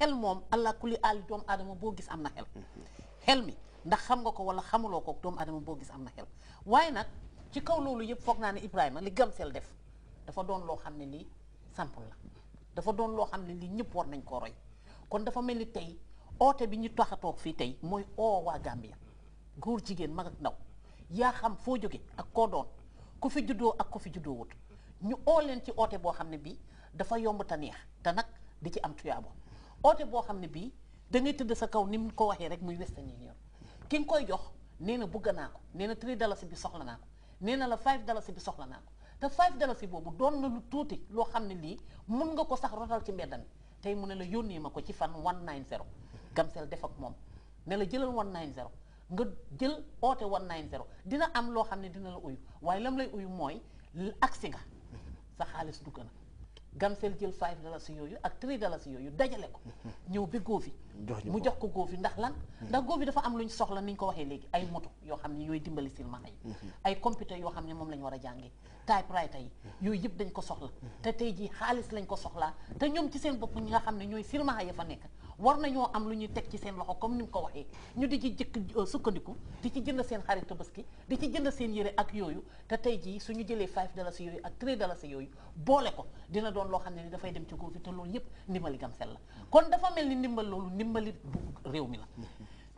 xel moom allah kulli aal doomu aadama boo gis am na xel xel mi ndax xam nga ko wala xamuloo ko doomu aadama boo gis am na xel waaye nag ci kaw loolu yëpp foog naa ne Ibrahima li Gamcel def dafa doon loo xam ne lii sampul la dafa doon loo xam ne lii ñëpp war nañ koo roy kon dafa mel ni tey oote bi ñu tax a toog fii tey mooy oo waa Gambia góor jigéen mag ak ndaw yaa xam foo jóge ak koo doon ku fi juddoo ak ku fi juddoo wut ñu oo leen ci oote boo xam ne bii dafa yomb te nag di ci am tuyaabo oote boo xam ne bii da ngay tëdd sa kaw ni mu ko waxee rek muy Western Union ki nga koy jox nee na bëgg naa ko nee na three dalasi bi soxla naa ko nee na la five dalasi bi soxla naa ko te five dalasi boobu doon na lu tuuti loo xam ne lii mun nga ko sax rotal ci mbedd mi tey mu ne la yónnee ma ko ci fan one nine zero Gamcel def ak moom ne la jëlal one nine zero nga jël oote one nine zero dina am loo xam ne dina la uyu waaye lam lay uyu mooy agsi nga sa xaalis dugg Gamcel jël five dalasi yooyu ak three dalasi yooyu dajale ko ñëw bi góofi mu jox ko góofi ndax lan hmm. ndax góofi dafa am lu ñu soxla ni ñu ko waxee léegi ay moto yoo xam ne ñooy dimbali silmaxa yi hmm. ay computer yoo xam ne moom la ñu war a jàngee typewriter yi hmm. yooyu yëpp dañ ko soxla te tey jii xaalis lañ ko soxlaa te ñoom ci seen bopp ñi nga xam ne ñooy silmaxa ya fa nekk war nañoo am lu ñuy teg ci seen loxo comme ni mu ko waxee ñu di ci jëkk euh, sukkandiku di ci jënd seen xarit tabaski di ci jënd seen yére ak yooyu te tey jii suñu jëlee five dalasi yooyu ak three dalasi yooyu boole ko dina doon loo xam ne ni dafay dem ci góor gi te loolu yëpp ndimbali Gamcel la kon dafa mel ni ndimbal loolu ndimbali réew mi la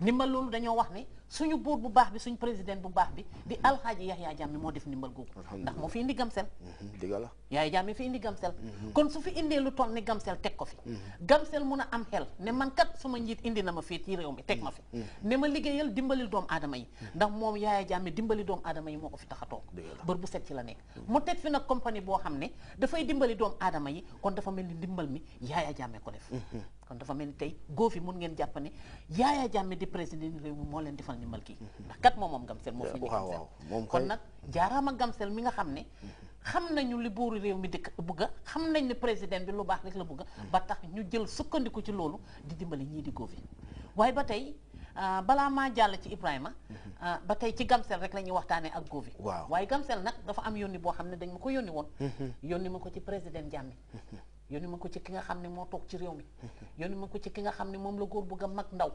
ndimbal loolu dañoo wax ni suñu buur bu baax bi suñu président bu baax bi di alxaaji Yahya Jammeh moo def ndimbal googu ndax moo fi indi gamsel mhm, la Yahya Jammeh fi indi gamsel mhm. kon su fi indee lu toll ni gamsel teg ko fi mhm. gamsel mun a am xel ne man kat suma njiit indi na ma fii ci réew mi teg ma fi ne ma liggéeyal dimbali doomu aadama yi ndax moom Yahya Jammeh dimbali doomu aadama yi moo ko fi tax a toog bër bu set la nekk mu teg fi nag compagnie boo xam ne dafay dimbali doomu aadama yi kon dafa mel ni ndimbal mi Yahya Jammeh ko def kon dafa mel ni tey góofi mun ngeen jàpp ne Yahya Jammeh di président réew mi moo leen defal ni malki ndax kat moom moom Gamcel moo fi indi Gamcel kon nag jaaraama Gamcel mi nga xam ne xam nañu li buuru réew mi dëkk bugga xam nañ ne président bi lu baax rek la bëgga ba tax ñu jël sukkandiku ci loolu di dimbali ñii di góofi waaye ba tey ah, balaa maa jàll ci Ibrahima ah, ba tey ci Gamcel rek lañuy ñuy waxtaanee ak góofi waaye Gamcel nag dafa am yónni boo xam ne dañ ma ko yónni woon mm-hmm. yónni ma ko ci président Jammeh yónni ma ko ci ki nga xam ne moo toog ci réew mi ma ko ci ki nga xam ne moom la góor bëgg a mag ndaw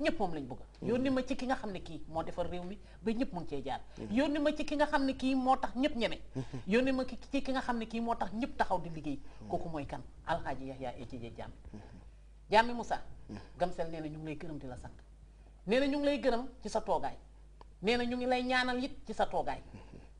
ñëpp moom lañ bëgg yi ma ci ki nga xam ne kii moo defar réew mi ba ñëpp mu ngi cee jaar yónni ma ci ki nga xam ne kii moo tax ñëpp ñeme yónni ma ci ki nga xam ne kii moo tax ñëpp taxaw di liggéey kooku mooy kan alxaaji Yahya Étidie Jammeh Jammeh Moussa Gamsel nee na ñu ngi lay gërëm di la sant nee na ñu ngi lay gërëm ci sa toogaay nee na ñu ngi lay ñaanal it ci sa toogaay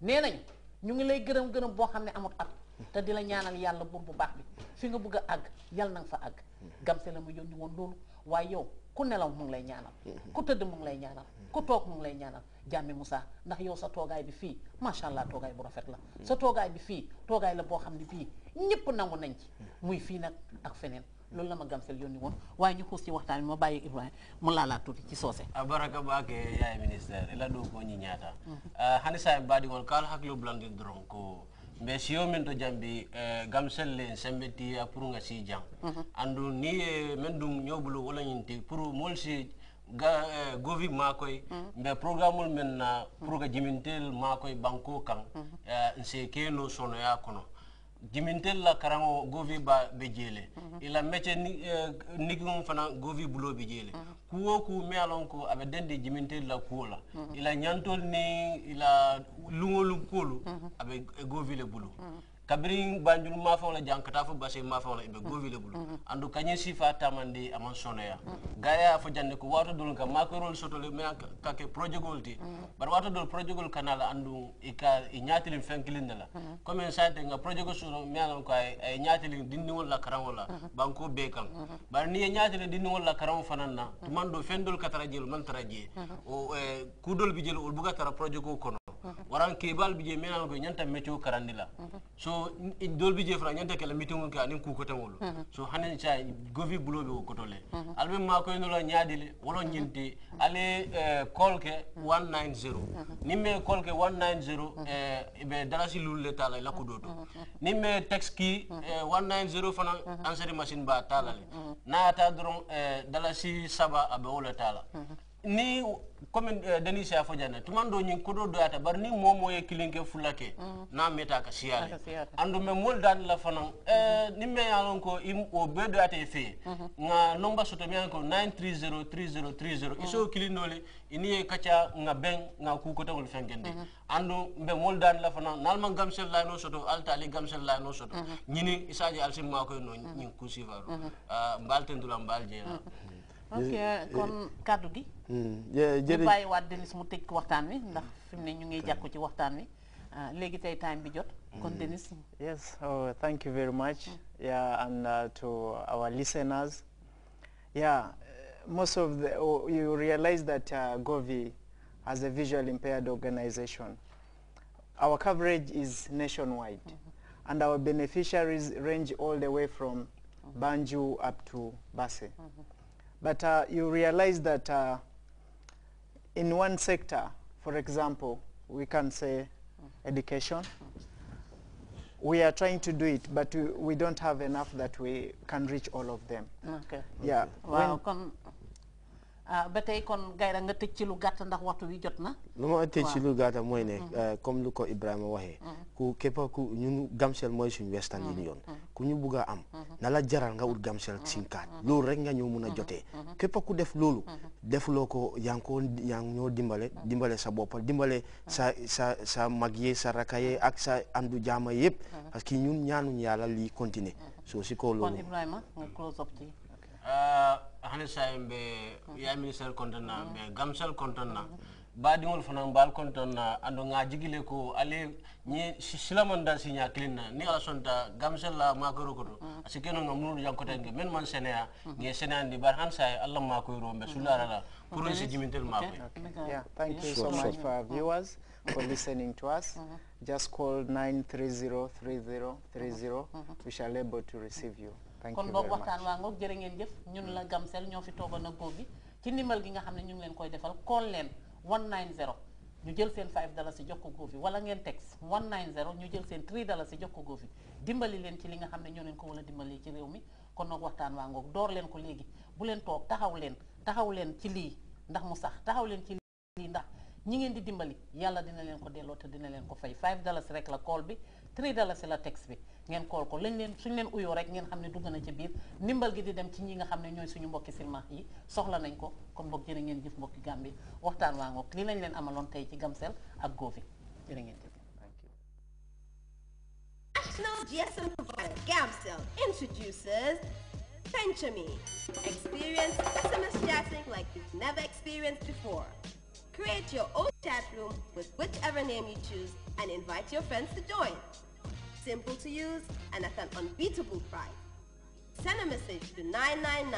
nee nañ ñu ngi lay gërëm gërëm boo xam ne amut at te di la ñaanal yàlla buur bu baax bi fi nga bëgg a yal yàlla na nga fa àgg gamse la mu yónni woon loolu waaye yow ku nelaw mu ngi lay ñaanal ku tëdd mu lay ñaanal ku toog mu lay ñaanal jàmmi Moussa ndax yow sa toogaay bi fii macha allah toogaay bu rafet la sa toogaay bi fii toogaay la boo xam ne bii ñëpp nangu nañ ci muy fii nag ak feneen loolu la ma gamsel yónni woon waaye ñu xuus ci waxtaan bi ma bàyyi Ibrahima mu laalaa tuuti ci soose ah, a baraka baake yaay ministére e la ɗo ko ñiñaata mm. ah, hani sabe baɗigol kala hakkilo si siyo men to jambi eh, gamselle sembeti ya pour nga si jang mm -hmm. andu ni eh, men dum nyobulu wala nyinti pour mol si ga eh, govi koy mm -hmm. mbe programme men na pour ga jimintel makoy banko kan mm -hmm. eh, nse keno sono ya kono jimintel la karamo govi ba be jele mm -hmm. ila meche ni eh, fana govi bulo be jele mhm. kuwo ku me alon ko abe dende jimintel la kuola mm -hmm. ila nyantol ni ila lungolum kolu mhm. abe govi le bulo mm -hmm. kabring banjul mafawla jankata fo base mafawla ibe govile bulu mm andu kanye sifa tamandi amon sonoya mm-hmm. gaya fo jande ko wato dul ka makorol soto le me kake project golti mm -hmm. bar wato dul project gol kanal andu ika inyatilin fenkilin la comme mm-hmm. sante nga project gol soto me an ko ay e, inyatilin e dindi wala karam wala banko be kan bar ni e nyatilin dindi la karam fanana. tumando fendol katara jil man taraje o eh, kudol bijel ul buga tara kono waran kebal bije mena ko nyanta meteo karandila mhm. so dol bije fra nyanta kala mitingu ka nin ku ko wolo mhm. so hanen cha govi bulo be ko tole mhm. albe ma ko ndola nyaadile wolo nyinte ale eh, kolke 190 nimme kolke 190 e eh, be darasi lulle tala la ko doto nimme text ki 190 eh, fana ansari machine ba tala le na ta doron dalasi saba abe wolo tala ni comme euh, deni siya fo jane tuman do ñing kodo doyata bar ni momo ye kilinke fulake mm. na meta ka siyale andu me mol dan la fanan eh ni me yalon ko im o be doyata fe mm-hmm. nga nomba soto mi ko 9303030 iso kilinole ini ye kacha nga ben nga ku ko tawul fengende andu be mol dan la fanan nalma gamsel la no soto ali gamsel la no soto ñini mm-hmm. isaji alsim ma ko no ñing ku sivaru mbaltendula mbalje ok kon kaddu gi Mm. jërëjëf ñu Denis mu tëj waxtaan wi ndax fi ñu ngi jàkku ci waxtaan wi ah, léegi tey time bi jot. Mm. kon Denis. yes oh thank you very much. Mm. yeah and uh, to our listeners. yeah most of the oh, you realize that uh, Govi as a visually impaired organization. Our coverage is nationwide mm-hmm. and our beneficiaries range all the way from mm-hmm. banju up to Basse. Mm-hmm. But uh, you realize that uh, in one sector, for example, we can say education, we are trying to do it, but we, we don't have enough that we can reach all of them. Okay. Yeah. Wow. When, Euh, ba tey kon Gaye nga tëj ci lu gàtt ndax waxtu wi jot na. lu ma tëj ci lu gàtt mooy ne. Mm-hmm. Euh, comme lu ko Ibrahima waxee. Mm-hmm. ku képp ku ñun Gamcel mooy suñu Western Union. Mm-hmm. ku ñu bugg a am. na la jaral nga ut Gamcel SIM card loolu rek nga ñëw mun a jotee. képp ku def loolu. defloo ko yaa ngi ko yaa ngi ñoo dimbale dimbale sa bopp dimbale sa sa sa mag yee sa raka yee ak sa andu jaama yëpp. parce que ñun ñaanuñ yàlla lii continuer. soo si ko loolu hani say mbe ya minister kontona mbe gamsal na baadiŋol fanaŋ baal kontoŋ na ando ŋa jigile ko ali ñi silamanda si ña kiliŋ na niŋ ala sonta gamsel la maakoro koto a si keno ŋa munulu jankoteŋ ke meŋ maŋ seneya ŋa ye seneyandi bari hani saa alla maakoyiro mbe sulara la pour nsi jimintel maakoy Yeah, thank you for listening to us. Mm -hmm. Just call 9303030. Mm mm-hmm. We shall able to receive you. kon boog waxtaan waa ngoog jërë ngeen jëf ñun la Gamcel ñoo fi toogoon ak góob bi ci ndimbal gi nga xam ne ñu ngi leen koy defal kool leen 190 ñu jël seen 5 dalasi jox ko góob bi wala ngeen text 190 ñu jël seen 3 dalasi jox ko góob bi dimbali leen ci li nga xam ne ñoo leen ko wala dimbali ci réew mi kon nag waxtaan waa ngoog door leen ko léegi bu leen toog taxaw leen taxaw leen ci lii ndax mu sax taxaw leen ci lii ndax ñi ngeen di dimbali yàlla dina leen ko delloo te dina leen ko fay 5 dalasi rek la call bi tri dalasi la texte bi ngeen kool ko lañ leen suñ leen uyoo rek ngeen xam ne dugg na ci biir ndimbal gi di dem ci ñi nga xam ne ñooy suñu mbokki silmax yi soxla nañ ko kon mbokk jërë ngeen jëf mbokki Gambie waxtaan waa ngoog lii lañ leen amaloon tey ci Gamcel ak Govee jërë ngeen jëf National GSM provider Gamcel introduces Penchami. Experience SMS chatting like you've never experienced before. Create your own chat room with whichever name you choose and invite your friends to join. Simple to use and at an unbeatable price. Send a message to 999.